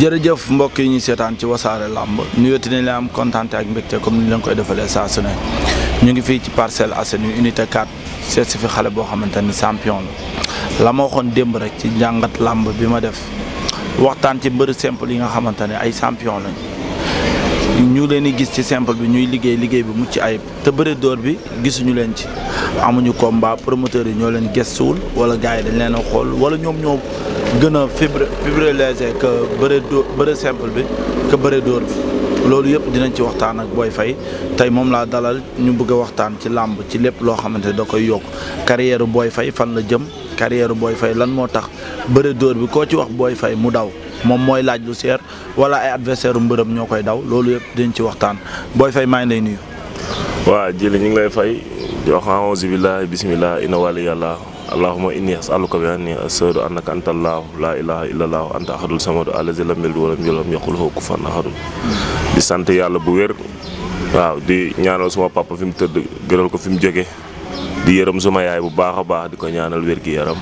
jërëjëf mbokk yi ñu seetaan ci wasaare làmb nuyooti nañ la am kontaan ak mbégte comme ni leen koy defalee saa su ne ñu ngi fii ci parcelle Assainies unité 4 seet si fi xale boo xamante ni champion la la ma waxoon démb rek ci njàngat làmb bi ma def waxtaan ci mbëri simple yi nga xamante ne ay champion lañ ñu leen di gis ci simple bi ñuy liggéey liggéey bi mucc ayib te bëre door bi gisuñu leen ci amuñu ko combat promoteur yi ñoo leen gëstuwul wala gars yi dañ leen a xool wala ñoom ñoo gën a fibre fibrilisé que bëre door bi que bëre bi loolu yëpp dinañ ci waxtaan ak booy fay tey moom laa dalal ñu bëgg a waxtaan ci làmb ci lépp loo xamante da koy yokk carrière booy fay fan la jëm carrière booy fay lan moo tax bëre door bi koo ci wax booy fay mu daw moom mooy laaj lu seer wala ay adversaire mbërëm ñoo koy daw loolu yëpp dañ ci waxtaan Boy fay maa ngi lay nuyu. waa jëli ñu ngi lay fay jox auzu billahi bismillah inna wali yàlla allahumma inni as'aluka bi anni ashhadu annaka anta allahu la ilaha illa allahu anta ahadul samadu allazi lam yalid walam yulam yaqul huwa kufuwan ahad di sant yàlla bu wér waaw di ñaanal suma papa fi mu tëdd gënal ko fi mu jóge di yërëm suma yaay bu baax a baax di ko ñaanal wér gi yaram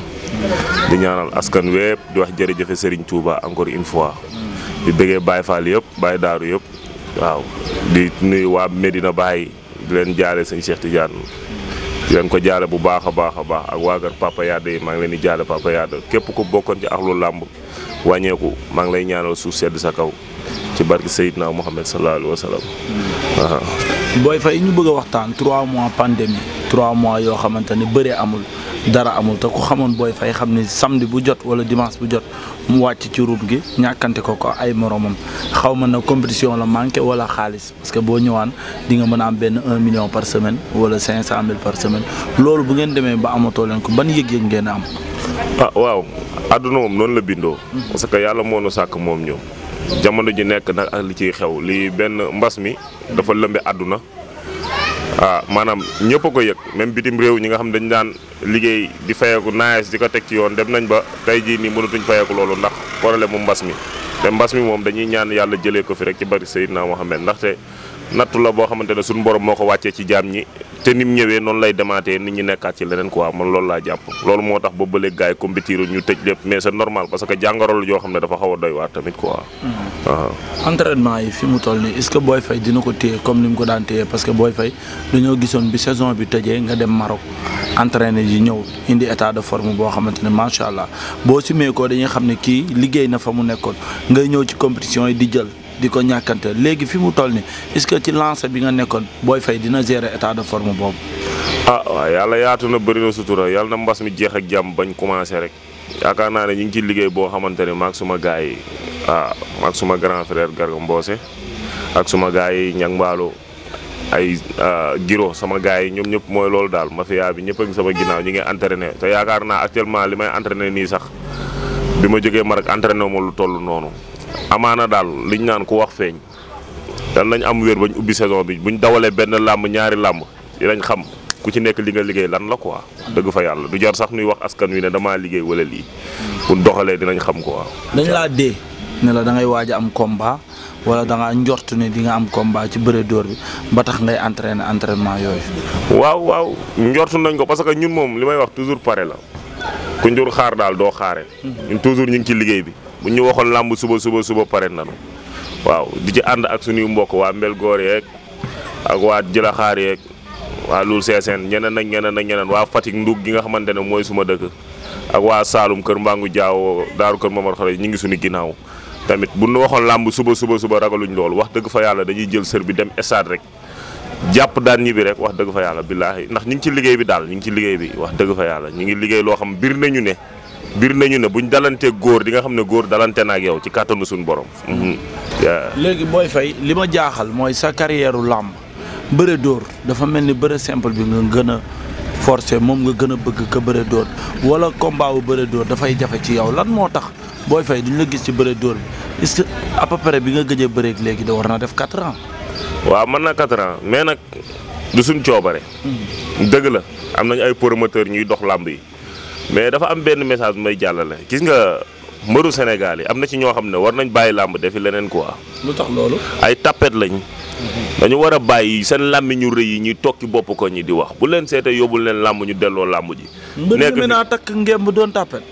di ñaanal askan wépp di wax jërëjëfe Serigne Touba encore une fois di bëggee Baye Fall yëpp Baye Daaru yëpp waaw di nuyu waa Medina Baye di leen jaale sëñ Cheikh Tidiane di leen ko jaale bu baax a baax a baax ak waagar Papa Yade yi maa ngi leen di jaale Papa Yade képp ku bokkoon ci axlu làmb wàññeeku maa ngi lay ñaanal suuf sedd sa kaw ci barke Seydina Mohamed sallallahu alayhi wa sallam waaw. Boy Faye ñu bëgg a waxtaan trois mois pandémie trois mois yoo xamante ne bëre amul dara amul te ku xamoon Boy Faye xam ni samedi bu jot wala dimanche bu jot mu wàcc ci route gi ñàkkante ko ko ay moromam xaw ma na compétition la manqué wala xaalis parce que boo ñëwaan di nga mën a am benn un million par semaine wala cinq cent mille par semaine loolu bu ngeen demee ba amatoo leen ko ban yëg-yëg ngeen am. ah la bindoo. Hmm. yàlla moo nu sàkk moom ñoom. jamono ji nekk nag ak li ciy xew lii benn mbas mi dafa lëmbe àdduna ah maanaam ñëpp a ko yëg même bitim réew ñi nga xam dañu daan liggéey di fayeeku naes di ko teg ci yoon dem nañ ba tey jii nii mënatuñ fayeeku loolu ndax problème mu mbas mi te mbas mi moom dañuy ñaan yàlla jëlee ko fi rek ci bari Seydina Mohamed ndaxte nattu la boo xamante ne suñu borom moo ko wàccee ci jaam ñi te ni ñëwee noonu lay demaatee nit ñi nekkaat ci leneen quoi man loolu laa jàpp loolu moo tax ba bële gars yi compétir ñu tëj lépp mais c'est normal parce que jàngoro la yoo xam ne dafa xaw a doy waar tamit quoi. Mm-hmm. waaw. entraînement yi fi mu toll nii est-ce que dina ko téye comme ni mu ko daan téye parce que Boy Faye dañoo gisoon bi saison bi tëjee nga dem Maroc entraîné ji ñëw indi état de forme boo xamante ne macha allah boo simee ko dañuy xam ne kii liggéey na fa mu nekkoon ngay ñëw ci compétition yi di jël. di ko ñàkkante léegi fi mu toll ni est-ce que ci lancé bi nga nekkoon booy Faye dina gérer état de forme boobu. ah waaw yàlla yaatu na bëri na sutura yàlla na mbas mi jeex ak jàmm bañ commencé rek yaakaar naa ne ñu ngi ci liggéey boo xamante ne maag suma gars yi ah maag suma grand frère Garga ak suma gars yi Niang Mballo ay ah, giro sama gars yi ñoom ñëpp mooy loolu daal mafia bi ñëpp sama ginnaaw ñi ngi entraîné te yaakaar naa actuellement li may entraîné nii sax bi ma jógee Maroc entraîné ma lu toll noonu. amaana daal liñ naan ku wax feeñ dan nañ am wér bañ ubbi saison bi buñ dawalee benn làmb ñaari làmb dinañ xam ku ci nekk li nga liggéey lan la ko quoi. dëgg fa yàlla du jar sax nuy wax askan wi ne damaa liggéey wala lii. pour doxalee dinañ xam quoi. dañ laa dee ne la da ngay waaj a am combat wala da ngaa njort ne di nga am combat ci bëre dóor bi ba tax ngay entraîner entraînement yooyu. waaw waaw njort nañ ko parce que ñun moom li may wax toujours pare la ku njur xaar daal doo xaare hmm. ñun toujours ñu ngi ci liggéey bi. bu ñu waxoon làmb suba suba suba pare nanu waaw di ci ànd ak suñuy mbokk waa mbel góor yeeg ak waa jëlaxaar yeeg waa Loul Sessène ñeneen ak ñeneen ak ñeneen waa Fatick ndug gi nga xamante ne mooy suma dëkk ak waa Saalum kër Mbangu Jaaw daaru kër Momar Xare ñu ngi suñu ginnaaw tamit bu ñu waxoon làmb suba suba suba ragaluñ loolu wax dëgg fa yàlla dañuy jël sër bi dem estade rek jàpp daan ñibbi rek wax dëgg fa yàlla billaahi ñu ngi ci liggéey bi daal ñu ngi ci liggéey bi wax dëgg yàlla ñu ngi liggéey loo xam bir nañu ne biir nañu ne bu ñu dalante góor di nga xam ne góor dalante na ak yow ci kàttanu suñu borom. Mhm. léegi Boy fay li ma jaaxal mooy sa carrière làmb bëre dóor dafa mel ni bëre simple bi nga gën a forcé moom nga gën a bëgg ka bëre dóor wala combat wu bëre dóor dafay jafe ci yow lan moo tax Boy Faye duñ la gis ci bëre dóor bi est à peu près bi nga gëj a léegi da war naa def quatre ans. waaw mën na quatre ans mais nag du suñ coobare. Mhm. dëgg la am nañ ay promoteurs ñuy dox làmb yi. mais dafa am benn message may jàllale gis nga mbëru Sénégal yi am na ci ñoo xam ne war nañ bàyyi làmb defi leneen ko lu tax loolu. ay tapet lañ. Mhm. dañu war a bàyyi seen làmb ñu rëy yi ñuy tokki bopp ko ñi di wax bu leen seetee yóbbul leen làmb ñu delloo làmb ji. nekk mbër naa takk ngemb doon tapet.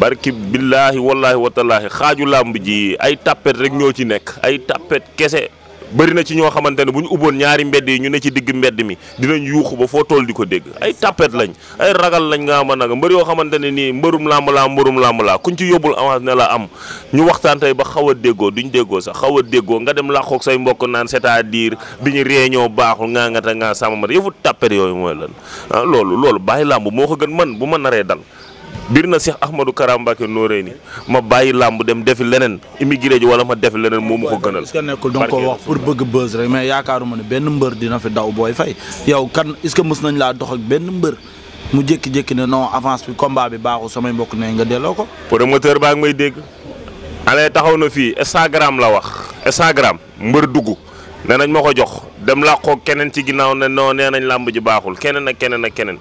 barki billaahi wallaahi watalaahi xaaju làmb ji ay tapet rek ñoo ci nekk ay tapet kese. bëri na ci ñoo xamante ne bu ñu ubboon ñaari mbedd yi ñu ne ci digg mbedd mi dinañ yuuxu ba foo tool di ko dégg ay tapet lañ ay ragal lañ nga man a mbër yoo xamante ne nii mbërum làmb laa mbërum làmb laa kuñ ci yóbbul avance ne la am ñu waxtaan tey ba xaw a déggoo duñ déggoo sax xaw a déggoo nga dem làqoog say mbokk naan c'est-à-dire bi ñu réunion baaxul ngaa nga ta ngaa sàmm ma yëfu tapet yooyu mooy lan ah loolu loolu bàyyi làmb moo ko gën man bu ma naree dal biir na Cheikh Ahmadou Kara Mbacké nooree ni ma bàyyi làmb dem defi leneen immigré ji wala ma defi leneen moo ma ko gënal. est-ce nekkul da ko wax pour bëgg buzz rek mais yaakaaruma ne benn mbër dina fi daw booy fay yow kan est-ce que mës nañ laa dox ak benn mbër mu jékki-jékki ne non avance bi combat bi baaxul samay mbokk ne nga delloo ko. promoteur baa ngi may dégg. ale taxaw na fii Instagram la wax Instagram mbër dugg nee nañ ma ko jox dem làqoo keneen ci ginnaaw ne non nee nañ làmb ji baaxul keneen ak keneen ak keneen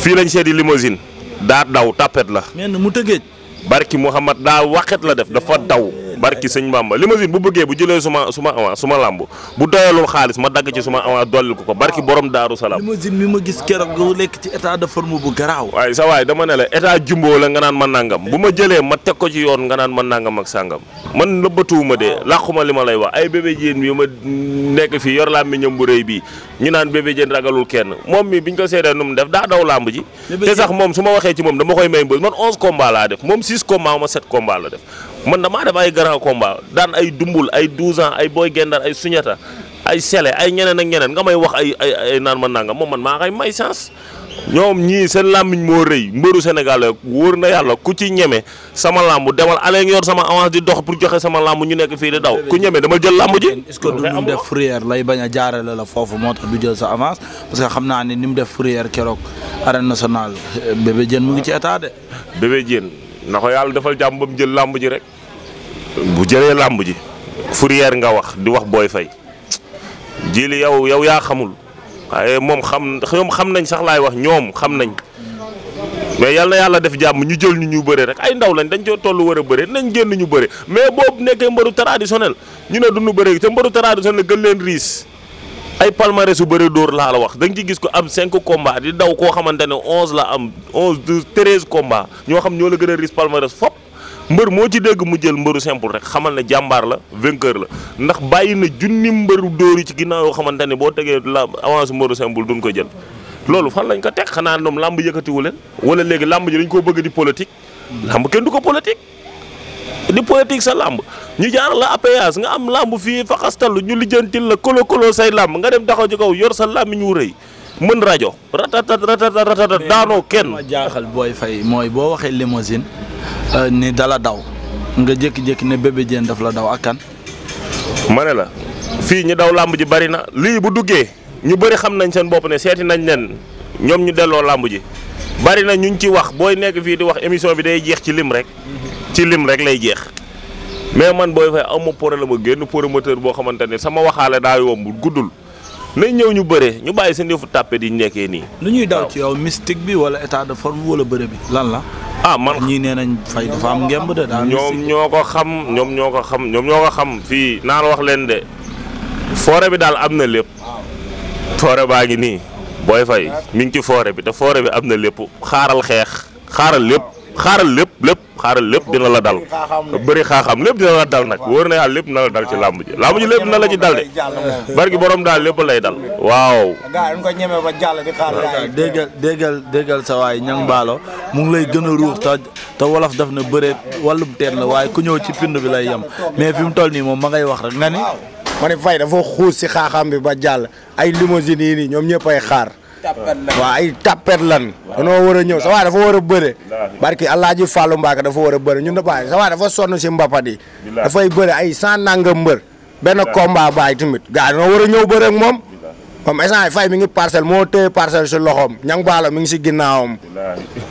fii lañ seeti limousine. daa daw tàppet la. nee na mu tëggee. barki Mouhamad daa waxet la def dafa daw. barki sëñ ma limousine bu bëggee bu jëlee suma suma avance ma lamb bu doyalul xaalis ma dagg ci suma avance dollil ko ko barki borom daaru salaam limousine mi ma gis keroog nga lekk ci état de forme bu garaaw waaye sa waaye dama ne la état jumbo la nga naan ma nangam bu ma jëlee ma teg ko ci yoon nga naan ma nangam ak sàngam man nëbbatuwuma de làquma li ma lay wax ay bébé jéen bi ma nekk fii yor laa mi ñam bu rëy bii ñu naan bébé jéen ragalul kenn moom mi biñ ko seedee nu mu def daa daw ji te moom su ma ci moom dama koy may mbëz man 11 combat def moom 6 combat ma la def man damaa def ay grand combat daan ay dumbul ay 12 ans ay booy gendar ay suñata ay sele ay ñeneen ak ñeneen nga may wax ay ay ay naan ma nangam moom man maa ngay may chance ñoom ñii seen làmbiñ moo rëy mbëru Sénégal rek wóor na yàlla ku ci ñeme sama làmb demal alee yor sama avance di dox pour joxe sama làmb ñu nekk fii di daw ku ñeme dama jël làmb ji. est-ce que du ñu def fourrière lay bañ a jaarale la foofu moo tax du jël sa avance parce que xam naa ne ni mu def fourrière keroog arène nationale Bébé Diène mu ngi ci état de. Bébé na ko yàlla defal jàmm ba mu jël làmb ji rek bu jëlee làmb ji fourrière nga wax di wax booy fay jili yow yow yaa xamul waaye moom xam ñoom xam nañ sax laay wax ñoom xam nañ mais yal na yàlla def jàmm ñu jël ñu ñu bëre rek ay ndaw lañ dañ coo toll war a bëree nañ génn ñu bëre mais boobu nekkee mbaru traditionnel ñu ne du ñu bëre te mbaru traditionnel gën leen riis ay palmarès yu bëri dóor laa la wax da nga ci gis ko am 5 combats di daw koo xamante ne 11 la am 11 12 13 combats ñoo xam ñoo la gën a riche palmarès fop mbër moo ci dégg mu jël mbëru simple rek xamal ne jàmbaar la vainqueur la ndax bàyyi na junni mbëru dóor yi ci ginnaaw yoo xamante ne boo tegee la avance mbëru simple duñ ko jël. loolu fan lañ ko teg xanaa ñoom lamb yëkkatiwu leen wala léegi làmb ji dañ koo bëgg di politique. làmb kenn du ko politique. di politique sa làmb ñu jaar la nga am làmb fii faxastalu ñu lijjantil la kolo kolo say làmb nga dem taxaw ci kaw yor sa làmmiñ wu rëy mën rajo ratatat ratatat ratatat daanoo kenn. ma jaaxal booy fay mooy boo waxee limousine euh, ni dala daw nga jékki-jékki ne bébé Diène daf la daw ak kan. ma ne la fii ñu daw làmb ji bari na lii bu duggee ñu bëri xam nañ seen bopp ne seeti nañ leen ñoom ñu delloo làmb ji bari na ñu ngi ci wax booy nekk fii di wax émission bi day jeex ci lim rek. Mhm. ci lim rek lay jeex mais man booy fay am ma la ak génn promoteur boo xamante ne sama waxaale daa yomb guddul nañ ñëw ñu bëre ñu bàyyi seen yëfu tàppe di nekkee nii. lu ñuy daw ci yow mystique bi wala état de forme wala bëre bi lan la. ah ñii nee nañ fay dafa am ngemb de daal ñoom ñoo ko xam ñoom ñoo ko xam ñoom ñoo xam fii naan wax leen de foore bi daal am na lépp foore baa ngi nii booy fay mi ngi ci foore bi te foore bi am na lépp xaaral xeex xaaral lépp. xaaral lépp lépp xaaral lépp dina la dal bari xaaxam lépp dina la dal nag wóor na yàlla lépp na la dal ci làmb ji làmb ji lépp na la ci dal de gi borom daal lépp lay dal waaw déggal déggal déggal sa waay ñang baalo mu ngi lay gën a ruux te te wolof daf na bëreet wàllum teen la waaye ku ñëw ci pind bi lay yem mais fi mu toll nii moom ma ngay wax rek nga ni ma ne fay dafa xuus si xaaxaam bi ba jàll ay limousine yi nii ñoom ñëpp ay xaar waaw ay tapet lan danoo war a ñëw sa waay dafa war a bëre barki Alaaji Fàllu Mbaaka dafa war a bëre ñun dafa sa waay dafa sonn si mbapat yi dafay bëre ay san nanga mbër benn combat baay tamit gars danoo war a ñëw bëre ak moom moom instant fay mi ngi parcelle moo téye parcelle si loxoom ñang baalo mi ngi si ginnaawam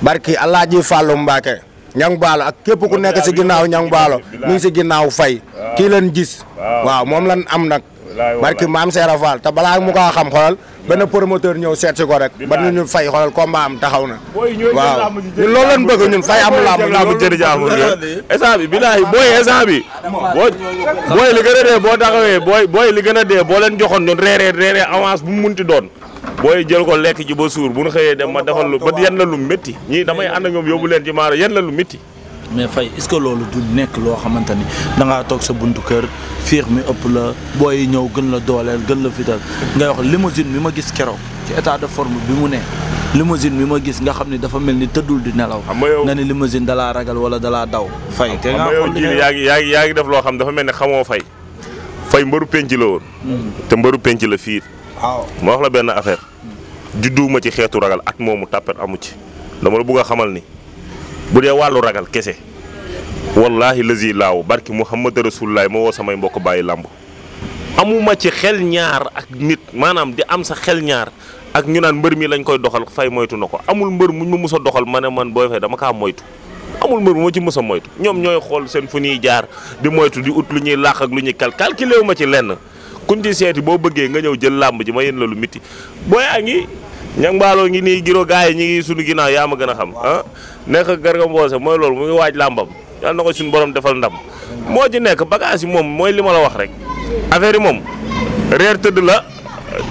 barki Alaaji Fàllu Mbaake ñang baalo ak képp ku nekk si ginnaaw ñang baalo mi ngi si ginnaaw fay kii leen gis waaw moom lan am nag barki maam Seera Fall te balaa mu kaa xam xoolal benn promoteur ñëw seet si ko rek ba ñu ñu fay xoolal combat am taxaw na waaw ñun loolu lañ bëgg ñun fay am lamb lamb jërëjaamu instant bi bilaahi booy instant boo booy li gën a dee boo taxawee booy booy gën a dee boo leen joxoon ñun reeree reeree avance bu mu munti doon booy jël ko lekk ji ba suur bu ñu xëyee dem ma defal lu ba yan la lu métti ñii damay ànd ak ñoom yóbbu leen ci maaro yan la lu métti mais fay est-ce que loolu du nekk loo xamante ni da toog sa buntu kër fiix mi ëpp la booy ñëw gën la dooleel gën la fital ngay wax limousine mi ma gis keroog ci état de forme bi mu ne limousine mi ma gis nga xam ni dafa mel ni tëddul di nelaw. xam nga yow nga ni limousine dalaa ragal wala dalaa daw. fay te nga xam ne yaa ngi yaa ngi yaa loo xam dafa mel ne xamoo fay. fay mbaru penc la woon. Hmm. te mbaru penc la fii. waaw ma wax la benn affaire. judduwuma ci xeetu ragal at moomu tàppet amu ci dama la bëgg a xamal ni. bu dee wàllu ragal kese wallaahi lazi laaw barki Muhammad Rasulullah moo woo samay mbokk bàyyi làmb amuma ci xel ñaar ak nit maanaam di am sa xel ñaar ak ñu naan mbër mi lañ koy doxal fay moytu na ko amul mbër muñ ma mus a doxal ma ne man boo fay dama kaa moytu amul mbër bu ma ci mus a moytu ñoom ñooy xool seen fu ñuy jaar di moytu di ut lu ñuy làq ak lu ñuy kal wu ma ci lenn kuñ ci seeti boo bëggee nga ñëw jël làmb ji ma yéen la lu miti booy a ñang mbaaloo ngi nii giro gars yi ñi ngi suñu ginnaaw yaa a gën a xam ah nekk ak Garga mooy loolu mu waaj làmbam yàlla na ko suñu borom defal ndam moo ci nekk bagage yi moom mooy li ma la wax rek affaire yi moom reer tëdd la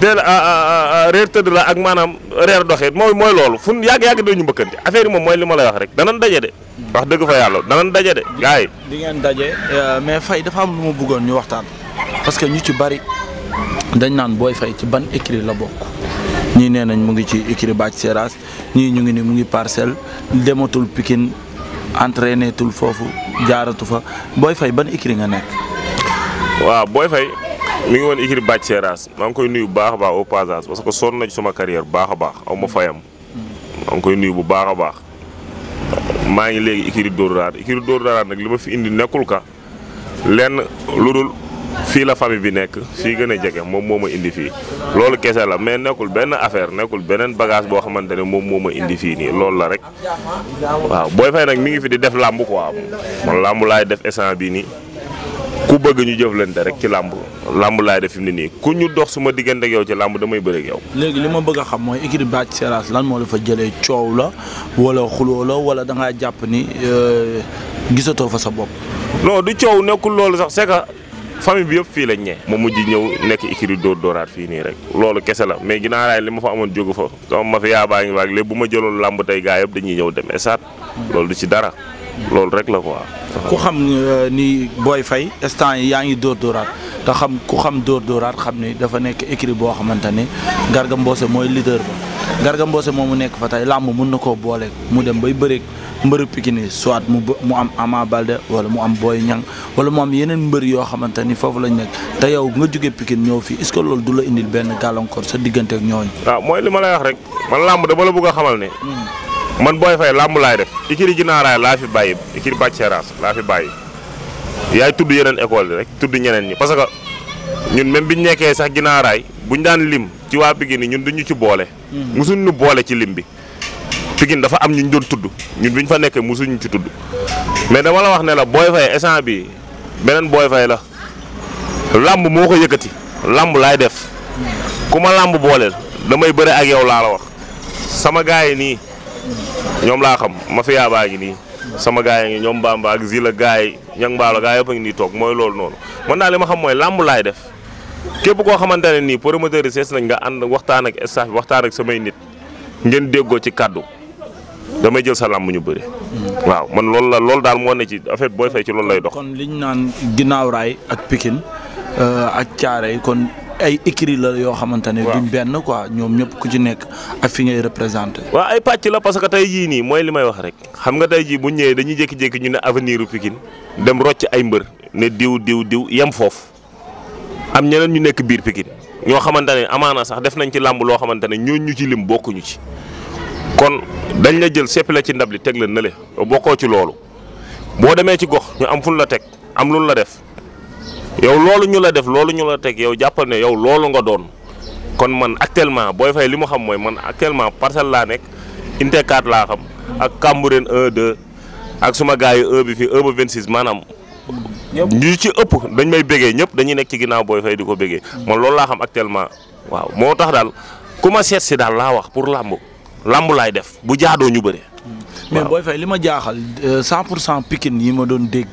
teel ah, ah, ah, reer tëdd la ak maanaam reer doxee mooy mooy loolu fu yàgg-yàgg dañu mbëkkante affaire moom mooy li ma lay wax rek danañ daje de wax dëgg fa yàlla danañ daje de gars yi ngeen daje euh, mais fay dafa am lu ma bëggoon ñu waxtaan parce que ñu ci bari dañ naan booy fay ci ban écrit la bokk ñii nee nañ mu ngi ci écurie Bathie Seras ñii ñu ngi ni mu ngi parcelle dematul pikin entraîné tul foofu jaaratu fa Boy Faye ban écurie nga nekk. waaw booy fay mu ngi woon écurie Bathie Seras maa ngi koy nuyu bu baax a baax au passage parce sama carrière bu baax a baax aw ma fayam. maa ngi koy nuyu bu baax a baax. maa ngi léegi écurie Dóor Daara écurie Dóor Daara nag li ma fi indi nekkul ka lenn lu dul fii la famille bi nekk fii gën a jege moom moo ma indi fii loolu kese la mais nekkul benn affaire nekkul beneen bagage boo xamante ne moom moo ma indi fii nii loolu la rek waaw Boy Faye nag mi ngi fi di def làmb ko man làmb laay def essence bii nii ku bëgg ñu jëflante rek ci làmb làmb laay def fi mu ne nii ku ñu dox suma diggante ak yow ci làmb damay bëre ak yow. léegi li ma bëgg a xam mooy équipe Bathie Seras lan moo la fa jëlee coow la wala xuloo la wala dangaa jàpp ni euh, gisatoo fa sa bopp. non du coow nekkul loolu famille bi yëpp fii lañ ñee ma mujj ñëw nekk écurie dóor dóoraat fii nii rek loolu kese la mais ginnaaw li ma fa amoon jógu fa sama ma fi baa ngi waag léegi bu ma jëloon làmb tey gaa yëpp dañuy ñëw demee esaat loolu du ci dara loolu rek la quoi. ku xam euh, ni Boy Faye instant yi yaa ngi dóor dóoraat te xam ku xam dóor dooraat xam ni dafa nekk écrit boo xamante ni Garga Mbossé mooy leader ba Garga moo mu nekk fa tey làmb mun na ko boole mu dem bay bëreeg mbëru Pikine soit mu mu am Ama Balde wala mu am booy Niang wala mu am yeneen mbër yoo xamante ni foofu lañ nekk te yow nga jóge Pikine ñëw fii est loolu du la indil benn gàllankoor sa diggante ak ñooñu. waaw ah, mooy li man booy fay làmb laay def ikiri ginaaraay laa fi bàyyi ikiri bàcc séeraas laa fi bàyyi yaay tudd yeneen école yi rek tudd ñeneen ñi parce que ñun même biñ nekkee sax ginaaraay ñu daan lim ci waa Pikine ñun duñu ci boole hmm. musuñ ñu boole ci lim bi Pikine dafa am ñuñ doon tudd ñun biñ fa nekkee musuñu ci tudd mais dama la wax ne la booy fay instant bi beneen booy fay la làmb moo ko yëkkati làmb laay def ku ma làmb booleel damay bëre ak yow laa la wax ñoom laa xam mafia baa ngi nii sama gaay yi ngi ñoom Bamba ak Zila gaay ñang mbaalo gaay yëpp a ngi nii toog mooy loolu noonu man daal li ma xam mooy làmb laay def képp koo xamante ne nii pour yi sees nañ nga ànd waxtaan ak staff waxtaan ak samay nit ngeen déggoo ci kàddu damay jël sa làmb ñu bëri waaw man loolu la loolu daal moo ne ci en fait booy fay ci loolu lay dox kon liñ naan ginnaaw raay ak Pikine euh, ak Thiaroye kon ay écrit la yoo xamante ne. duñ benn quoi ñoom ñëpp ku ci nekk ak fi ngay représenté. waa ay pàcc la parce que tey jii nii mooy li may wax rek xam nga tey jii bu ñëwee dañuy jékki-jékki ñu ne avenir u Pikine dem rocc ay mbër ne diw diw diw yem foofu am ñeneen ñu nekk biir Pikine ñoo xamante ne amaana sax def nañ ci làmb loo xamante ne ñooñu ñu ci lim bokk ñu ci kon dañ la jël seppi la ci ndab li teg la nële bokkoo ci loolu boo demee ci gox ñu am fu la teg am lu la def. yow loolu ñu la def loolu ñu la teg yow jàppal na yow loolu nga doon kon man actuellement booy fay li mu xam mooy man actuellement parcelle laa nekk unité laa xam ak Cambérène 1 2 ak suma gars yi 1 bi fii 1 ba 26 maanaam. ñu ci ëpp dañ may béggee ñëpp dañuy nekk ci ginnaaw booy fay di ko bégee man loolu laa xam actuellement waaw moo tax daal ku seet si daal laa wax pour làmb làmb laay def bu jaadoo ñu bëre. mais Boy Faye li ma jaaxal 100 euh, pour cent Pikine yi ma doon dégg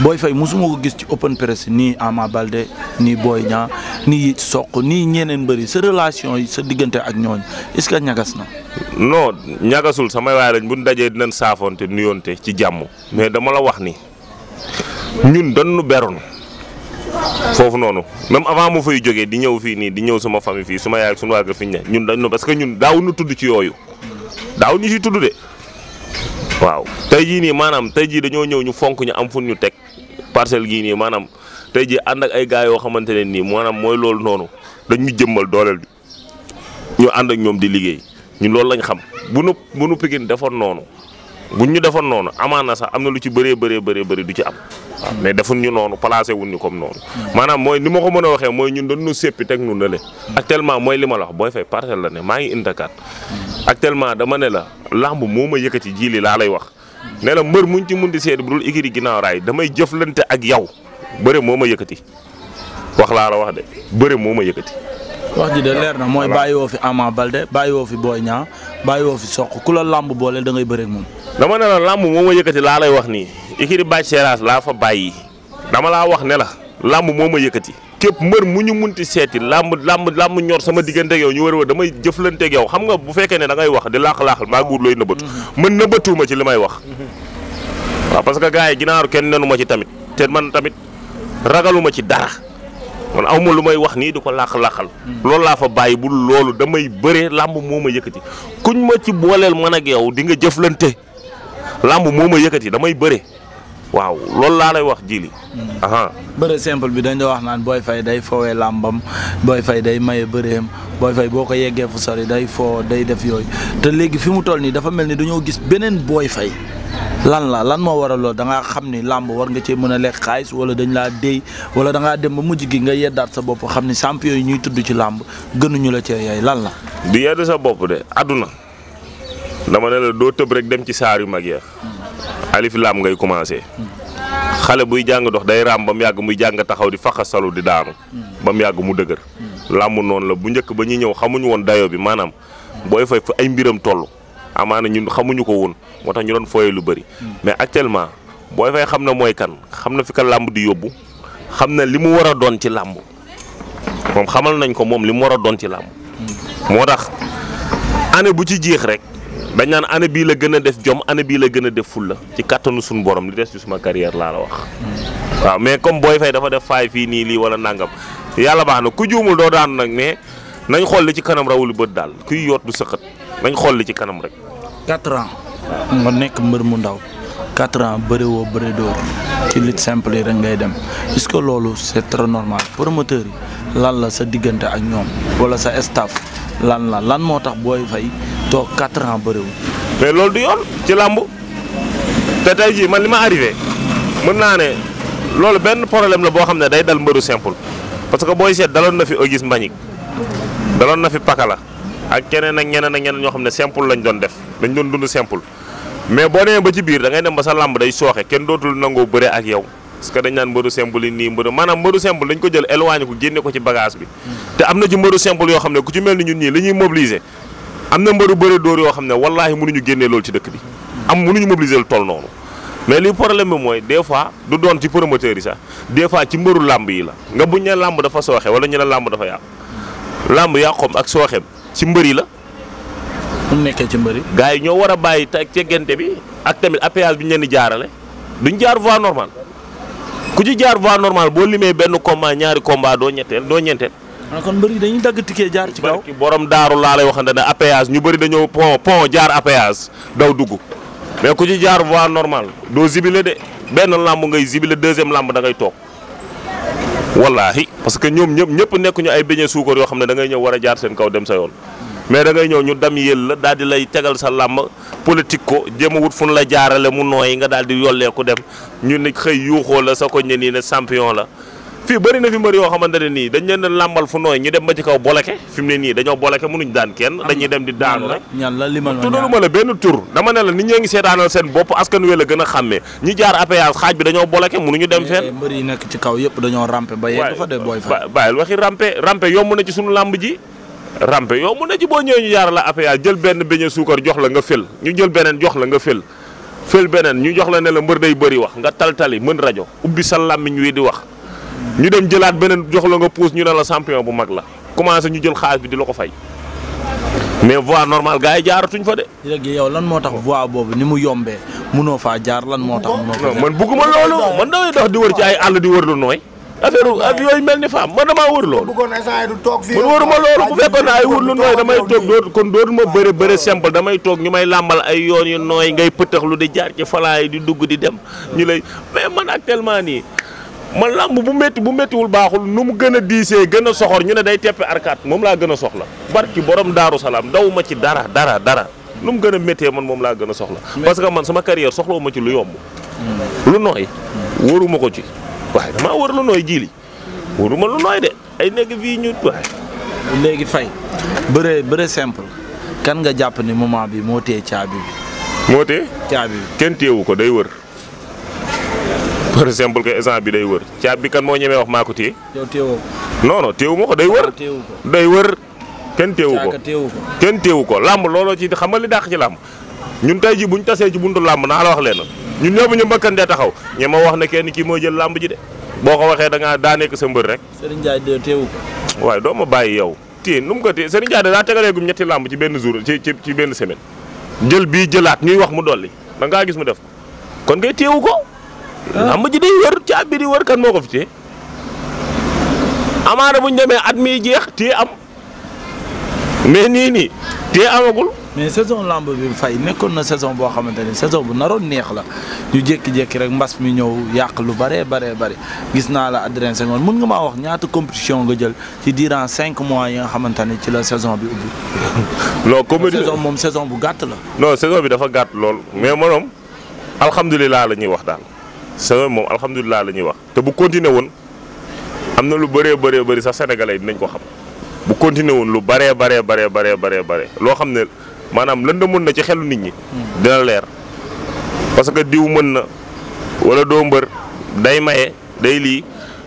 Boy Faye mosuma ko gis ci open press nii Ama Balde nii Boy Niang nii Sokh nii ñeneen bëri sa relation yi sa diggante ak ñooñ est-ce que ñagas na. non ñagasul samay waay lañ bu ñu dajee dinañ saafoonte nuyoonte ci jàmm mais dama la wax ni ñun dañu beroon foofu noonu même avant mu fay jógee di ñëw fii nii di ñëw sama famille fii suma yaay ak sunu waa fi ñu ne ñun dañ no parce que ñun daaw ñu tudd ci yooyu daaw ñu ci tudd de. waaw tey jii nii maanaam tey jii dañoo ñëw ñu fonk ñu am fu ñu teg parcelle gii nii maanaam tey jii ànd ak ay gars yoo xamante ne nii maanaam mooy loolu noonu dañ ñu jëmmal dooleel bi ñu ànd ak ñoom di liggéey ñu loolu lañ xam bu nupp bu nu Pikine defoon noonu bu ñu defoon noonu amaan na sax am na lu ci bëree bëree bëri du ci am. waaw mais defuñ ñu noonu placé wuñ ñu comme noonu. maanaam mooy ni ma ko mën a waxee mooy ñun dañu séppi teg ñu nële. actuellement mooy li ma la wax booy fay parcelle la ne maa ngi indakat actuellement dama ne la lamb moo ma yëkkati jiili laa lay wax. ne la mbër muñ ci mun di seet bu dul igiri ginnaaw raay damay jëflante ak yow bëre moo ma yëkkati wax laa la wax de bëre moo ma yëkkati. wax ji de leer na mooy bàyyiwoo fi Ama Balde bàyyiwoo fi Boy Niang bàyyiwoo fi soq ku la làmb boole da ngay bëreeg moom. dama ne làmb moom ma yëkkati laa lay wax nii ikiri bàcc seeraas laa fa bàyyi dama laa wax ne la làmb moom ma yëkkati. képp mbër mu ñu munti seeti làmb làmb làmb ñor sama diggante yow ñu war a damay jëflante yow xam nga bu fekkee ne da ngay wax di laax-laaxal maa guur looy nëbbatu man nëbbatuuma ci li may wax waaw parce que gars yi ginaaru kenn nenu ma ci tamit te man tamit ragaluma ci dara man aw ma lu may wax nii di ko làq-làqal hmm. loolu laa fa bàyyi bul loolu damay bëre làmb moo ma yëkkati kuñ ma ci booleel man ak yow di nga jëflante làmb moo ma yëkkati damay bëre waaw loolu laa lay wax jili hmm. aha bëre simple bi dañ la wax naan booy fay day foowee làmbam booy fay day maye bëreem booy fay boo ko yeggee fu sori day foo day def yooyu te léegi fi mu toll nii dafa mel ni dañoo gis beneen booy fay lan la lan moo waraloo loolu da ngaa xam ni làmb war nga cee mën a lekk xaalis wala dañ laa déy wala da dem ba mujj gi nga yeddaat sa bopp xam ni champion yi ñuy tudd ci làmb gënuñu la cee yaay lan la. di yedd sa bopp de àdduna dama ne la doo tëb rek dem ci saar yu mag ya alif laam ngay commencé. xale buy jàng dox day raam ba mu yàgg muy jàng taxaw di faxa salu di daanu. ba mu yàgg mu dëgër. làmb noonu la bu njëkk ba ñuy ñëw xamuñu woon dayo bi maanaam booy fa ay mbiram toll. amaana ñun xamuñu ko woon moo tax ñu doon fooyee lu bari mais actuellement booy fay xam na mooy kan xam na fi ka làmb di yóbbu xam na li mu war a doon ci làmb moom xamal nañ ko moom li mu war a doon ci làmb. moo tax année bu ci jeex rek dañ naan année bii la gën a def jom année bii la gën a def fulla ci kàttanu suñu borom li des ci suma carrière laa la wax. waaw mais comme booy fay dafa def faay fii nii lii wala nàngam yàlla baax na ku juumul doo daan nag mais nañ xool li ci kanam rawul bët daal kuy yoot du sëqat nañ xool ci kanam rek. quatre ans nga nekk mbër mu ndaw quatre ans bëre woo bëre dóor ci lutte simple yi rek ngay dem est que loolu c'est très normal promoteur yi lan la sa diggante ak ñoom wala sa staff lan la lan moo tax booy fay toog quatre ans bëriwul. mais loolu du yoon ci làmb te tey jii man li ma arrivé mën naa ne loolu benn poroblème la boo xam ne day dal mbëru simple parce que booy seet daloon na fi Auguste Mbagnick daloon na fi la ak keneen ak ñeneen a ñeneen ñoo xam ne simple lañ doon def dañ doon dund simple mais boo demee ba ci biir da ngay dem ba sa làmb day sooxee kenn dootul nangoo bëre ak yow parce que dañ naan mbëru simple yi nii mbëru maanaam mbëru ko jël éloigné ko génne ko ci bagage bi te am na ci mbëru simple yoo xam ne ku mel ni ñun ñii li ñuy mobiliser am na mbëru bëre dóor yoo xam ne wallaahi mënuñu génne loolu ci dëkk bi am mënuñu mobiliser lu toll noonu mais li problème bi mooy des fois du doon ci promoteur yi sax des fois ci mbëru làmb yi la nga buñ ne làmb dafa sooxe wala ñu ne làmb dafa yàqu làmb yàqoom ak sooxeem ci mbër yi la. mu nekkee ci mbër yi. gars yi ñoo war a bàyyi te ceggante bi ak tamit appuyage bi ñu di jaarale duñ jaar voie normale ku ci jaar voie normale boo limee benn combat ñaari combat doo ñetteel doo ñeenteel. ah dañuy dagg ticket jaar ci kaw. borom daaru laa lay waxante ne appuyage ñu bëri dañoo pont pont jaar appuyage daw dugg mais ku ci jaar voie normal doo zibile de benn lamb ngay zibile deuxième lamb da ngay toog. wallaahi parce que ñoom ñëpp ñëpp nekkuñu ay beñe suukar yoo xam ne da ngay ñëw war a jaar seen kaw dem sa yoon mais dangay ñëw ñu dam yël la daal di lay tegal sa làmb politique ko jéem a wut fu nu la jaarale mu nooyi nga daal di yolleeku dem ñu ne xëy yuuxoo la sa koñ ne nii ne champion la fii bëri na fi mbër yoo xamante ne nii dañ leen a làmbal fu nooy ñu dem ba ci kaw boleke fi mu ne nii dañoo boleke mënuñ daan kenn dañuy dem di daanu rek tuddaluma la benn tur dama ne la nit ñee ngi seetaanal seen bopp askan wi la gën a xàmmee ñi jaar apéage xaaj bi dañoo boleke mënuñu dem fenn eh, mbër yi nekk ci kaw yëpp dañoo rampe ba yegg fa de booy fa bàyyil waxi rampe rampe yomb na ci suñu làmb ji rampe yow mun na ci boo ñëwee ñu yaara la apéage jël benn beñe suukar jox la nga fël ñu jël beneen jox la nga fël fël beneen ñu jox la la mbër day bëri wax nga taltali mën rajo ubbi sa làmmiñ wi di wax ñu dem jëlaat beneen jox la nga puus ñu ne la champion bu mag la commencé ñu jël xaalis bi di la ko fay mais voie normal gars yi jaaratuñ fa de. léegi yow lan moo tax voie boobu ni mu yombee munoo faa jaar lan moo tax. munoo man bugguma loolu man damay dox di wër ci ay àll di wër lu nooy. affaire yooyu mel ni femme man damaa wër loolu. bëggoon instant du toog fii. man wëruma loolu bu fekkoon ne ay wër lu nooy damay toog dootu kon dootu ma bëre bëre simple damay toog ñu may làmbal ay yoon yu nooy ngay lu di jaar ci falaa yi di dugg di dem. ñu lay mais actuellement nii. man làmb bu métti bu méttiwul baaxul nu mu gën a diisee gën a soxor ñu ne day teppi arkaat moom laa gën a soxla barki borom daaru salaam daw ma ci dara dara dara nu mu gën a méttee man moom laa gën a soxla parce que man sama carrière soxlawu ma ci lu yomb lu nooy waruma ko ci waaye damaa war lu nooy jiili waruma lu nooy de ay nekk fii ñu waaye léegi fay bëre bëre simple kan nga jàpp ni moment bi moo téye caabi bi moo téye caabi bi kenn téyewu ko day wër par exemple que instant bi day wër caab bi kan moo ñemee wax maa ko téye. yow téewoo ko. non non téewu ma ko day wër. Ah, day wër kenn téewu ko. kenn téewu ko làmb looloo ci xam nga li dàq ci làmb ñun tey ji bu ñu tasee ci buntu làmb naa la wax leen ñun ñëpp ñu mbëkkan dee taxaw ñe ma wax ne kenn kii moo jël làmb ji de boo ko waxee da ngaa daa nekk sa mbër rek. Serigne Ndiaye de téewu waaye doo ma bàyyi yow téye nu mu ko téye Serigne Ndiaye de daa tegaleegum ñetti làmb ci benn jour ci benn semaine jël bii jëlaat ñuy wax mu dolli da ngaa gis mu def ko Ah. lamb ji day wër caabi di wër kan moo ko fi téye amaana bu ñu demee at mi jeex téye am mais nii nii téye amagul. mais saison lamb bi fay nekkoon na saison boo xamante ne saison bu naroon neex la ñu jékki-jékki rek mbas mi ñëw yàq lu bare bare bare gis naa la Adrien Senghor mun nga maa wax ñaata compétition nga jël ci durant cinq mois yi nga xamante ne ci la saison bi ubbi. non compétition moom saison bu gàtt la. non saison bi dafa gàtt lool mais moom alhamdulilah la ñuy wax daal. sëñ moom alhamdulilah la ñuy wax te bu continuer woon am na lu bëree bëree bëri sax sénégalais dinañ ko xam bu continuer woon lu bëree bëree bëree bëree bëree bëree loo xam ne maanaam lëndëmoon na ci xelu nit ñi. dina leer parce que diw mën na wala doo mbër day maye day lii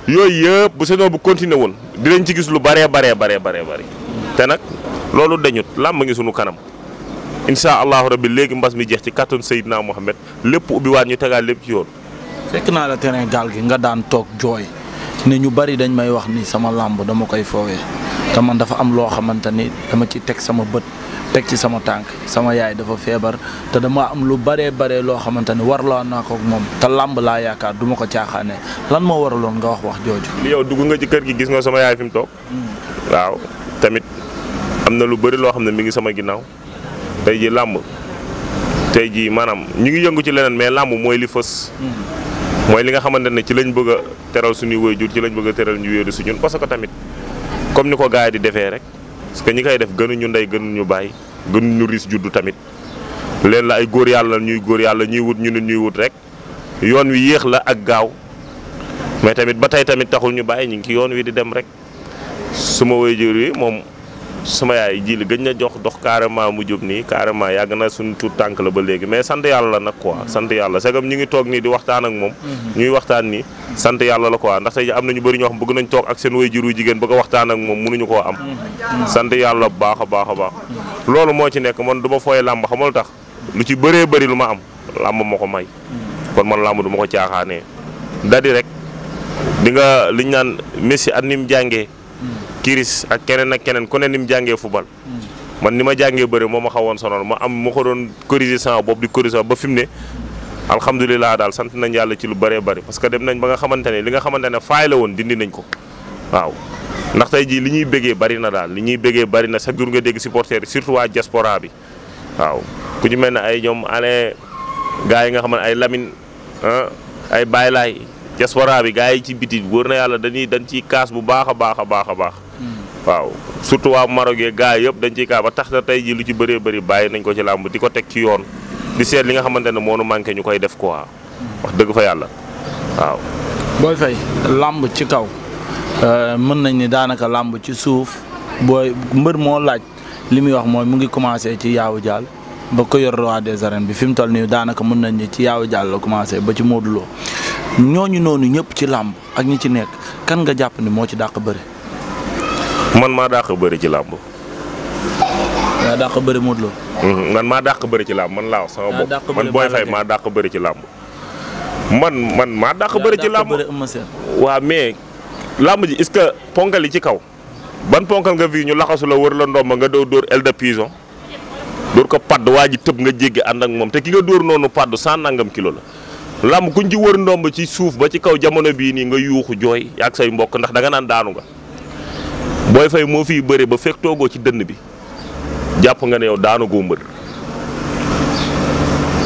yooyu yëpp bu sëñ bu continuer woon di dinañ ci gis lu bëree bëree bëree bëri te nag loolu dañut làmb ngi sunu kanam. incha allahu rabbi léegi mbas mi jeex ci kàttanu na Mohamed lépp ubbi waat ñu tegaat lépp ci yoon. fekk naa la terrain gaal gi nga daan toog jooy ne ñu bari dañ may wax ni sama làmb dama koy foowee te man dafa am loo xamante ni dama ci teg sama bët teg ci sama tànk sama yaay dafa feebar te dama am lu baree baree loo xamante ni warloo naa ko moom te làmb laa yaakaar du ko caaxaanee lan moo waraloon nga wax wax jooju. yow dugg nga ci kër gi gis nga sama yaay fi mu toog. Hmm. waaw tamit am na lu bëri loo xam ne mu ngi sama ginnaaw tey ji làmb tey ji maanaam ñu ngi yëngu ci leneen mais làmb mooy li fës. Hmm. mooy li nga xamante ne ci lañ bëgg teral suñuy waajur ci lañ bëgg a teral ñu wéeru si ñun parce que tamit comme ni ko gars di defee rek parce que ñi koy def gënuñu ndey ñu bàyyi gënu gënuñu riis juddu tamit leen la ay góor yàlla ñuy góor yàlla ñuy wut ñu nit ñuy wut rek yoon wi yéex la ak gaaw mais tamit ba tey tamit taxul ñu bàyyi ñu ngi ci yoon wi di dem rek su ma waajur yi moom suma yaay ji li gëj na jox dox carrément mu jub nii carrément yàgg na suñu tuut tànk la ba léegi mais sant yàlla nag quoi mm-hmm. sant yàlla segam ñu ngi toog nii di waxtaan ak moom mm-hmm. ñuy waxtaan nii sant yàlla la quoi ndax tey am nañu bëri ñoo xam bëgg nañ toog ak seen way juru jigéen bëgg a waxtaan ak moom mënuñu koo am mm-hmm. sant yàlla baax a baax a baax loolu moo ci nekk man du ma fooy làmb xamal tax lu ci baree bari lu ma am làmb ma ko may kon man làmb du ma ko caaxaanee da di rek di nga liñ naan Messi at ni mu jàngee kiris ak keneen ak keneen ku ne ni mu jàngee football. Hmm. man ni ma jàngee bëri moo ma xaw xawoon sonal ma am ma ko doon corriger sama bopp di corriger ba fi mu ne alhamdulilah daal sant nañ yàlla ci lu baree bari parce que dem nañ ba nga xamante ne li nga xamante ne faay la woon dindi nañ ko waaw. ndax tey jii li ñuy bëggee bari na daal li ñuy bëggee bari na chaque jour nga dégg supporter yi surtout waa diaspora bi waaw ku ñu mel ne ay ñoom ale gars yi nga xam ne ay Lamine ah, ay Baylaay diaspora bi gars yi ci biti wóor na yàlla dañuy dañ ciy kaas bu baax a baax a baax a baax. waaw surtout waa Maroc yi gars yëpp dañ ciy kaas ba tax na tey jii lu ci bëree bëri bàyyi nañ ko ci làmb di ko teg ci yoon. di seet li nga xamante ne moo nu manqué ñu koy def quoi. wax dëgg fa yàlla waaw. Boy Faye làmb ci kaw euh, mën nañ ni daanaka làmb ci suuf booy mbër moo laaj li muy wax mooy mu ngi commencé ci yaawu jaal ba ko yor roi des arènes bi fi mu toll nii daanaka mën nañ ni ci yaaw jàll la commencé ba ci Modou Lo ñooñu noonu ñëpp ci làmb ak ñi ci nekk kan nga jàpp ni moo ci dàq bëri. man maa dàq bëri ci làmb. yaa dàq bëri Modou Lo. Mhm, man maa dàq bëri ci làmb man laa wax sama bopp man Boy maa dàq bëri ci làmb. man man maa dàq bëri ci làmb waaw mais làmb ji est-ce que ponkal yi ci kaw ban ponkal nga vi ñu laxasu la wër la ndomba nga dow dóor el de pison dóor ko padd waa ji tëb nga jéggi ànd ak moom te ki nga dóor noonu padd sans nangam kilo la làmb kuñ ci wër ndomb ci suuf ba ci kaw jamono bii nii nga yuuxu jooy ak say mbokk ndax da nga naan daanu nga booy fay moo fii bëre ba fekk toogoo ci dënn bi jàpp nga ne yow daanu goo mbër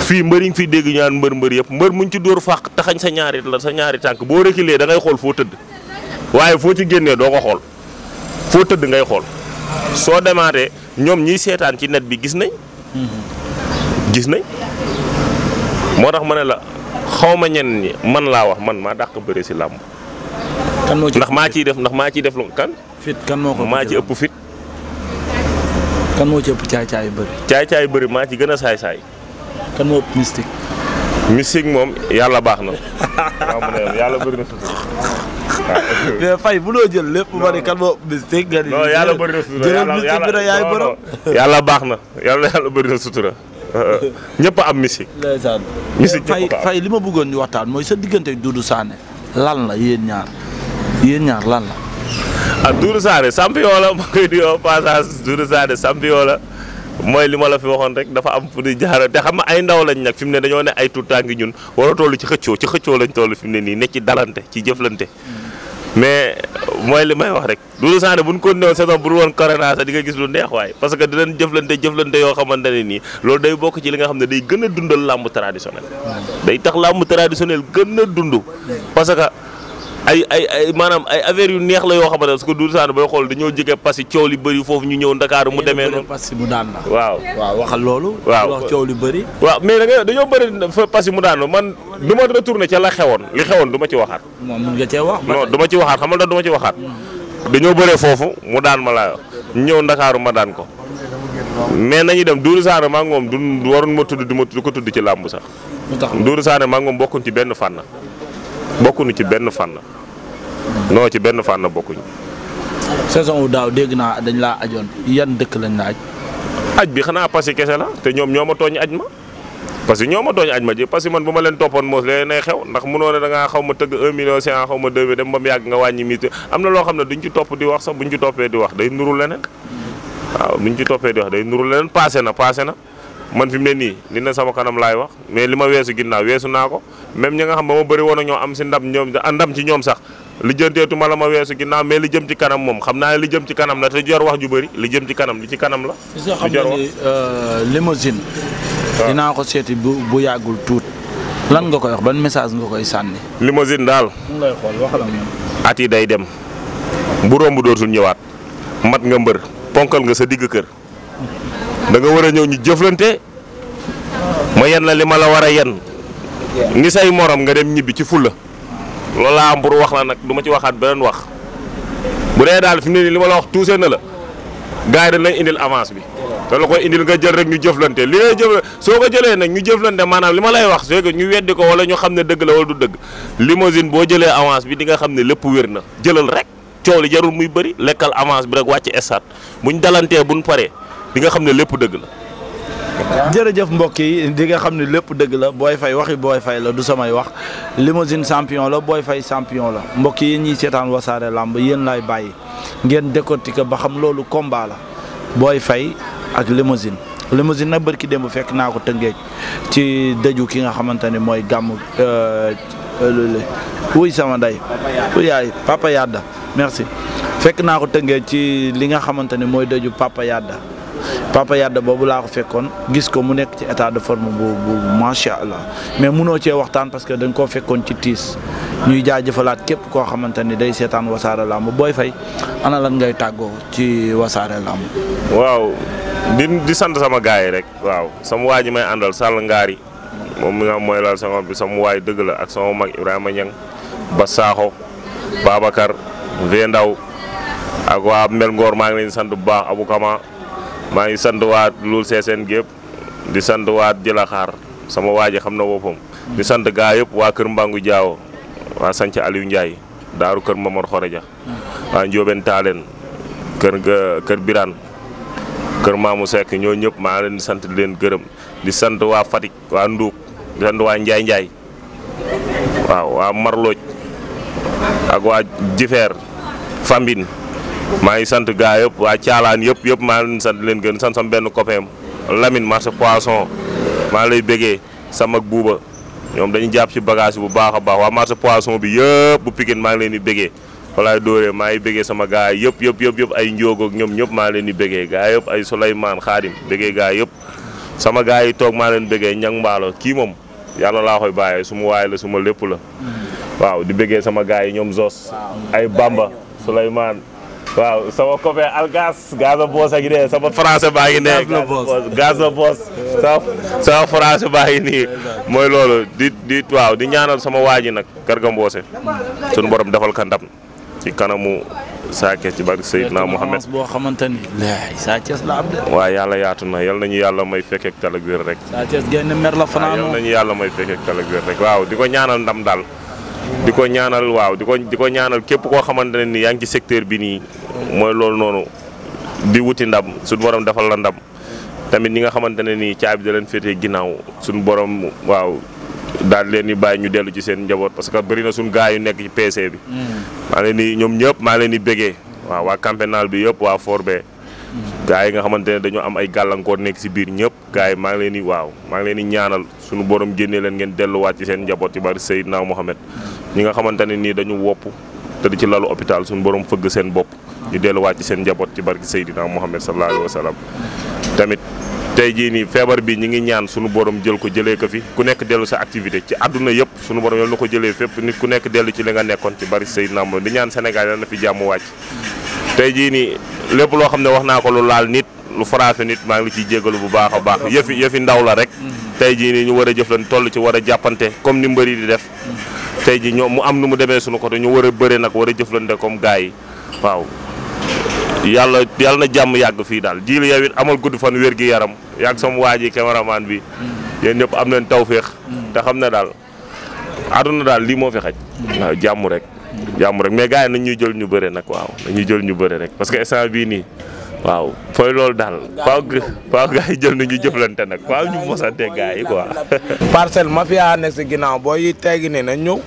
fii mbër yi nga dégg ñaan mbër mbër yëpp mbër muñ ci dóor fàq taxañ sa ñaari la sa ñaari tànk boo reculer da ngay xool foo tëdd waaye foo ci génnee doo ko xool foo tëdd ngay xool soo demaatee ñoom ñiy seetaan ci net bi gis nañ. gis nañ moo tax ma ne la xaw ma ñenn ñi man laa wax man maa dàq bëre si làmb. kan moo ci ndax maa ciy def ndax maa ciy def lu kan. fit kan moo maa ci ëpp fit. kan moo ci ëpp caay-caay yu bëri. caay maa ci gën a saay-saay. kan moo ëpp mystique. mystique moom yàlla baax na. waaw mu yàlla bëri na mais fay mënoo jël lépp ma ne kan moo mystique nga ni. yàlla bëri na sutura jëlal mystique na yaay borom. yàlla baax na yàlla sutura. ñëpp am mystique. ndeysaan mystique fay fay li ma bëggoon ñu waxtaan mooy sa diggante Doudou Sané lan la yéen ñaar yéen ñaar lan la. ah Doudou Sané la ma koy nuyoo passage Doudou Sané champion la mooy li ma la fi waxoon rek dafa am fu di jaara ay ndaw lañ nag fi mu ne dañoo ne ay tuutàngi ñun war a toll ci xëccoo ci xëccoo lañ toll fi mu ne nii nekk ci dalante ci jëflante. mais mooy li may wax rek Doudou Sané bu ñu ko néew saison bu dul woon corona sax di nga gis lu neex waaye parce que dinañ jëflante jëflante yoo xamante ne nii loolu day bokk ci li nga xam ne day gën a dundal làmb traditionnel. Hmm. day tax làmb traditionnel gën a dund hmm. parce que. ay ay ay maanaam ay affaire yu neex la yoo xamante parce que Doudou Sané booy xool dañoo jege pass yi coow li bëri foofu ñu ñëw Ndakaaru mu demee noonu waaw waaw waxal loolu waaw wax coow li bëri waaw mais dañoo bëri fa pass yi mu daan na man du ma retourné ca la xewoon li xewoon du ma ci waxaat moom nga cee wax non du ma ci waxaat xamal da waxaat dañoo bëree foofu mu daan ma laa ñëw Ndakaaru ma daan ko mais nañu dem Doudou Sané maa moom du waroon ma tudd du ma ko tudd ci làmb sax Doudou Sané maa ngi moom bokkuñ ci benn fànna bokkuñu ci benn fànn noo ci benn fànn bokkuñu. saison wu daaw dégg naa dañ laa ajoon yan dëkk lañ la aj. aj bi xanaa Passy kese la te ñoom ñoo ma tooñ aj ma parce que ñoo ma tooñ man bu ma leen toppoon moos leen nay xew ndax munoo ne da ngaa xaw ma tëgg 1 million 500 xaw ma 2 dem ba mu yàgg nga wàññi mi am na loo xam ne duñ ci topp di wax sax buñ ci toppee di wax day nuru leneen waaw buñ ci toppee di wax day nuru leneen passé na passé na. man fi mu ne nii li na sama kanam laay wax mais li ma weesu ginnaaw weesu naa ko même ñi nga xam ba ma bëri woon a ñoo am si ndam ñoom ah, ndam ci ñoom sax li jënteetu ma la ma weesu ginnaaw mais li jëm ci kanam moom xam naa ne li jëm ci kanam la te jor wax ju bari li jëm ci kanam li ci kanam la. li jor wax euh, limousine. dinaa ko seeti bu bu yàggul tuut. lan nga koy wax ban message nga koy sànni. limousine daal. ngay xool waxal yi day dem bu romb dootul ñëwaat mat nga mbër ponkal nga sa digg kër. da nga war a ñëw ñu jëflante ma yen la li ma la war a yen ni say morom nga dem ñibbi ci fulla loolu laa am wax la nag du ma ci waxaat beneen wax bu dee daal fi mu nii li ma la wax tuuse na la gars yi dañ lay indil avance bi te la koy indil nga jël rek ñu jëflante li ngay soo ko jëlee nag ñu jëflante maanaam li ma lay wax c'est que ñu weddi ko wala ñu xam ne dëgg la wala du dëgg limousine boo jëlee avance bi di nga xam ne lépp wér na jëlal rek coow li jarul muy bari lekkal avance bi rek wàcc estat buñ dalantee buñ paree di nga xam ne lépp dëgg la. jërëjëf mbokk yi di nga xam ne lépp dëgg la booy fay waxi Boy Faye la du samay wax limousine sampion la booy fay sampion la mbokk yi ñuy seetaan wasaare làmb yéen laay bàyyi ngeen décortiquer ba xam loolu combat la Boy Faye ak limousine. limousine nag bërki démb fekk naa ko tëngeej ci dëju ki nga xamante ne mooy gàmm euh, euh, wuy sama nday yaay Papa Yadda merci fekk naa ko tëngeej ci li nga xamante ne mooy dëju Papa Yadda Papa Yada boobu laa ko fekkoon gis ko mu nekk ci état de forme bu bu macha allah mais munoo cee waxtaan parce que dañ koo fekkoon ci tiis ñuy jëfalaat képp koo xamante ni day seetaan wasaare làmb booy fay ana lan ngay tàggoo ci wasaare làmb. waaw di sant sama gars yi rek waaw sama waa ji may àndal Sall Ngaari moom mi nga xam mooy laal sama bi waay dëgg la ak sama mag Ibrahima Niang ba Sakho Babacar Vendaw ak waa Mel Ngor maa ngi leen sant bu baax Abou Kama maa ngi sant waat Loul Sessène gépp di sant waat Jëlaxaar sama waa ji xam na boppam. di sant gaa yëpp waa kër Mbangu Diawo waa sanc Aliou Ndiaye daaru kër Momar Xoreja waa Ndiobène Taaleen kër kër Birane kër Mamou Seck ñoo ñëpp maa leen di sant di leen gërëm di sant waa Fatick waa Nduuk di sant waa Njaay Njaay waaw waa Marlooj ak waa Jifeer Fambine maa ngi sant gaa yëpp waa caalaan yëpp yëpp maa ngi sant leen gën sant sama benn copain Lamine marché poisson maa lay bëggee sama ak buuba ñoom dañu jàpp ci bagage bu baax a baax waa marché poisson bi yëpp bu Pikine maa ngi leen di bëggee walaay dóoree maa ngi bëggee sama gaa yëpp yëpp yëpp ay njóog ñoom ñëpp maa leen di bëggee gaa yëpp ay Souleymane Khadim bëggee gaa yëpp sama gaa yi toog maa leen bëggee ñang mbaalo kii moom yàlla laa koy bàyyee suma ma waay la su lépp la waaw di bëggee sama gaa yi ñoom Zos ay Bamba waaw sama copain algas gaza boos a ngi ne sama français baa ngi ne gaza boos sama sama français baa ngi nii mooy loolu di di waaw di ñaanal sama waa ji nag Garga Mbossé sunu borom defal ka ndam ci kanamu Sa Thiès ci barke Seydina Mohamed boo xamante ni Sa Thiès la am de waaw yàlla yaatu na yal nañu yàlla may fekk ak tal ak wér rek Sa la fanaan yàlla may fekk ak tal rek waaw di ko ñaanal ndam daal di ko ñaanal waaw di ko di ko ñaanal képp koo xamante ne ni yaa ngi ci secteur bi nii mooy loolu noonu di wuti ndam suñu borom defal la ndam tamit ñi nga xamante ne nii caabi da leen féetee ginnaaw suñu borom waaw daal leen di bàyyi ñu dellu ci seen njaboot parce que bëri na suñu gars yu nekk ci PC bi. Mm. maa leen ñoom ñëpp maa leen di bégee waaw waa campénal bi yëpp waa Forbé gaa yi nga xamante ne dañoo am ay gàllankoor nekk si biir ñëpp gaa yi maa ngi leen di waaw maa ngi leen di ñaanal suñu borom génnee leen ngeen delluwaat ci seen njaboot ci bari Seydina Mohamed ñi nga xamante ne nii dañu wopp te di ci lalu hôpital suñu borom fëgg seen bopp ñu delluwaat ci seen njaboot ci barki Seydina Mohamed sallallahu alayhi wa sallam tamit tey jii nii feebar bi ñi ngi ñaan sunu borom jël ko jëlee ko fi ku nekk dellu sa activité ci àdduna yëpp sunu borom yal na ko jëlee fépp nit ku nekk dellu ci li nga nekkoon ci bari Seydina Mohamed di ñaan Sénégal yal na fi jàmm tey jii nii lépp loo xam ne wax naa ko lu laal nit lu faraase nit maa ngi la ciy jégalu bu baax a baax mm-hmm. yëfi yëfi ndaw la rek mm-hmm. tey jii nii ñu war a jëflan toll ci war a jàppante comme ni mbëri di def mm-hmm. tey jii ñoo mu am nu mu demee suñu côté ñu war a bëre nag war a jëflante comme gars yi waaw yàlla yàlla na jàmm yàgg fii daal jii la yow amal gudd fan wér gi yaram yàgg sama waa ji cameraman bi yéen ñëpp am na nañ tawféex te xam ne daal àdduna daal lii moo fi xaj jàmm rek jàmm rek mais gars yi nañ ñuy jël ñu bëre nag waaw nañ ñuy jël ñu bëre rek parce que instant bii nii waaw fooy loolu daal faaw faaw gars nag faaw ñu mosante quoi. parcelle mafia nekk si ginnaaw booy yi teggi nii nañ ñëw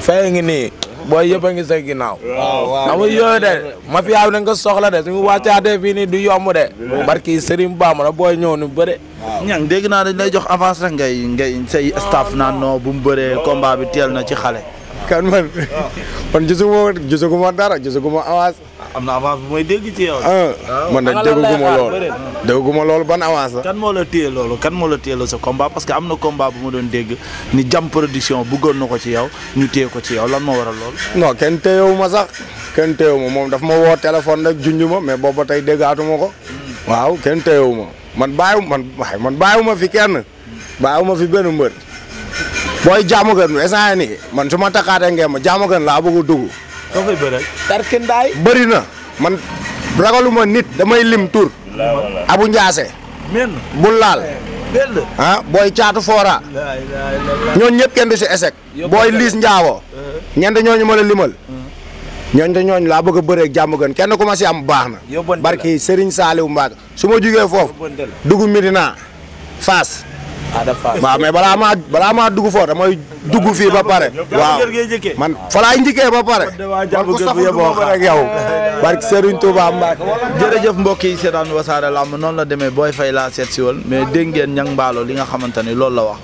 fay ngi ni booy yëpp a ngi sa ginnaaw. waaw waaw yooyu de mafia bi nañ ko soxla de suñu wàccaatee fii nii du yomb de. barki Serigne Bamba la booy ñëw nu bëre. ñang dégg naa dañ lay jox avance rek ngay ngay say staff naan non bu mu bëree combat bi teel na ci xale. kan man ah. man gisuma gisuma dara gisuma avance. Ah, am na avance bu may dégg ci yow. Ah, man nag dégguma loolu dégguma loolu ban avance la. kan moo la téye loolu kan moo la téye loolu sa combat parce que am na combat bu ma doon dégg ni jam production bëggoon na ko ci yow ñu téye ko ci yow lan moo waral loolu. non kenn téyewu ma sax kenn téyewu ma moom daf ma woo téléphone rek junj ma mais boobu tey déggaatuma ko. Hmm. waaw kenn téyewu ma man bàyyiwu man waaye man bàyyiwu ma fi kenn bàyyiwu ma fi benn mbër. booy jaamu gën instant nii man su ma takkaatee ngeen ma jaamu gën laa bëgg a dugg. soo koy tarkindaay. bëri na man ragaluma nit damay lim tur. abu Ndiasse. men bu ah, booy caatu foora. ñooñu ñëpp kenn du si échec. booy liis njaawo ñeent ñooñu ma la limal. Hmm. te ñooñ laa bëgg a bëree ak jàmm gën kenn ku ma si am baax na. yóbbante la barki Serigne Saliou Mbacke su ma jugee foofu. dugu Medina Fass. Ah, waaw mais balaa maa balaa maa dugg foofu damay dugg fii ba pare. waaw man fa laay njëkkee ba pare. man ku sax duma ko rek yow. barke Serigne Touba Mbacke. jërëjëf mbokk yi seetaan wasaare làmb noonu la demee booy fay laa seet si woon mais dégg ngeen ñang mbaalo li nga xamante ni loolu la wax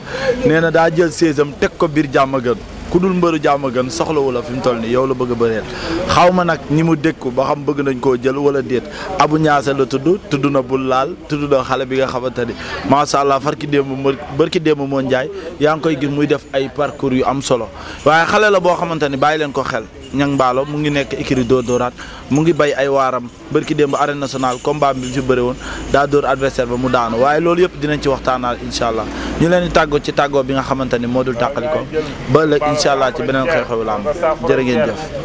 nee na daa jël séesam teg ko biir jàmm gën. ku dul mbëru jàmm gën soxlawu la fi mu toll nii yow la bëgg a bëreel xaw ma nag ñi mu dékku ba xam bëgg nañ koo jël wala déet abu ñaase la tudd tudd na bul laal tudd na xale bi nga xamante ni macha allah farki démb bërki démb moo njaay yaa ngi koy gis muy def ay parcours yu am solo waaye xale la boo xamante ni bàyyi leen ko xel Niang mbaalo mu ngi nekk écurie Dóor Dóoraat mu ngi bay ay waaram bërki démb arène national combat bi mu fi bëri woon daa dóor adversaire ba mu daanu waaye loolu yëpp dinañ ci waxtaanaal incha allah ñu leen tàggoo ci tàggoo bi nga xamante ni moo dul tàqali ko ba ëllëg incha allah ci beneen xew-xewu làmb jërë ngeen jëf